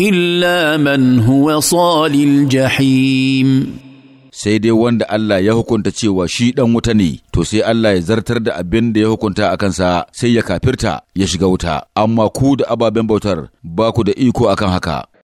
إلا من هو صال الجحيم sai dai wanda Allah ya hukunta cewa shi ɗan wuta ne, to sai Allah ya zartar da abin da ya hukunta a kansa sai ya kafirta ya shiga wuta, amma ku da ababen bautar ba ku da iko akan haka.